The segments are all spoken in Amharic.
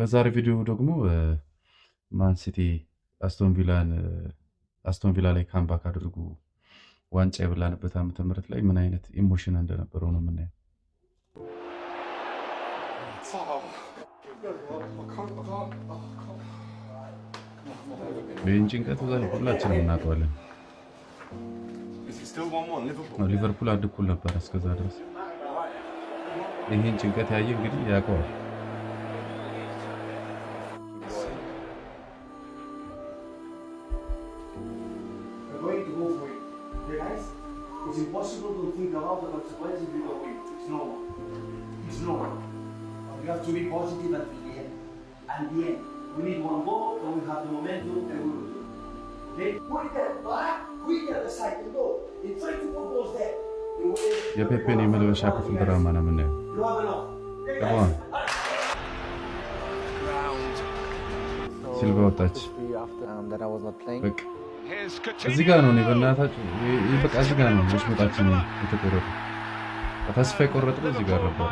በዛሬ ቪዲዮ ደግሞ ማንሲቲ አስቶን ቪላ ላይ ካምባክ አድርጉ ዋንጫ የበላንበት ዓመተ ምህረት ላይ ምን አይነት ኢሞሽን እንደነበረው ነው የምናየው። ይህን ጭንቀት ሁላችንም እናውቀዋለን። ሊቨርፑል አድኩል ነበር እስከዛ ድረስ። ይህን ጭንቀት ያየ እንግዲህ ያውቀዋል። realize it's impossible to think about the consequences if you don't win. It's normal. It's normal. But we have to be positive until the end. At the end, we need one goal and we have the momentum and we will do it. Then put that back, quick at the side and go. And try to propose that. የፔፔን የመልበሻ ክፍል ድራማ ነው የምናየው። ሲልቫ ወጣች በቃ እዚህ ጋር ነው እኔ በእናታችሁ በቃ እዚህ ጋር ነው የተቆረጠ ተስፋ እዚህ ጋር ነበር።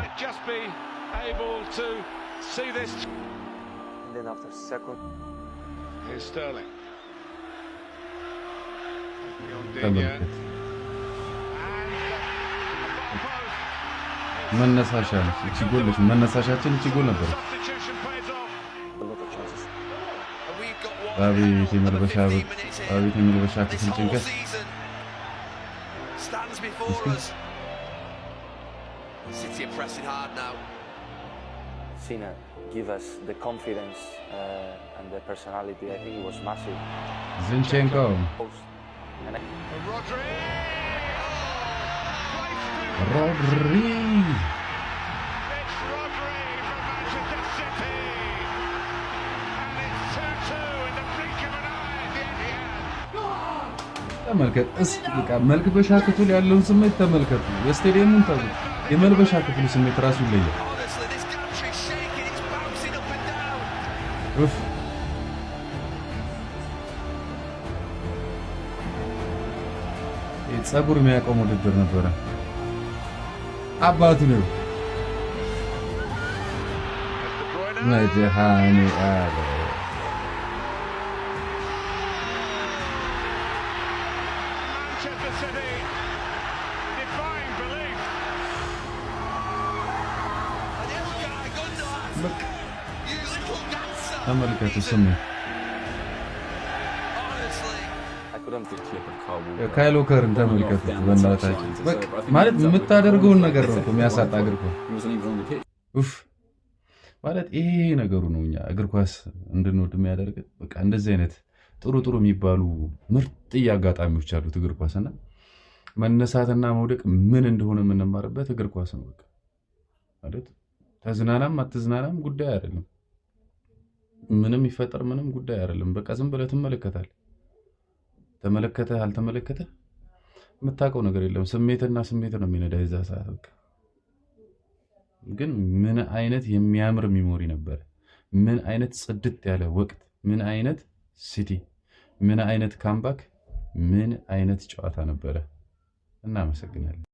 መነሳሻ ነች መነሳሻችን እቺ ጎል ነበረች። be Abi şey merhaba abi. Abi şey merhaba şarkı sen çünkü. City are pressing hard now. Cena give us the confidence uh, and the personality. I think it was massive. Zinchenko. Rodri. Rodri. ተመልከት እስኪ በቃ መልበሻ ክፍል ያለውን ስሜት ተመልከቱ። የስቴዲየሙን ታው የመልበሻ ክፍሉ ስሜት ራሱ ይለያል። ጸጉር የሚያቆም ውድድር ነበረ። አባቱ ነው መድሃኔ አለ for City. Defying belief. Bak. ተመልከቱት በእናታችን። ማለት የምታደርገውን ነገር ነው የሚያሳጣ እግር ኳስ ማለት ይሄ ነገሩ ነው። እኛ እግር ኳስ እንድንወድ የሚያደርግ በቃ እንደዚህ አይነት ጥሩ ጥሩ የሚባሉ ምርጥ አጋጣሚዎች አሉት እግር ኳስና መነሳትና መውደቅ ምን እንደሆነ የምንማርበት እግር ኳስ ነው። በቃ ማለት ተዝናናም አትዝናናም ጉዳይ አይደለም። ምንም ይፈጠር ምንም ጉዳይ አይደለም። በቃ ዝም ብለህ ትመለከታለህ። ተመለከተ አልተመለከተ የምታውቀው ነገር የለም። ስሜትና ስሜት ነው የሚነዳ የዛ ሰዓት። በቃ ግን ምን አይነት የሚያምር ሚሞሪ ነበረ! ምን አይነት ጽድት ያለ ወቅት! ምን አይነት ሲቲ ምን አይነት ካምባክ ምን አይነት ጨዋታ ነበረ። እናመሰግናለን።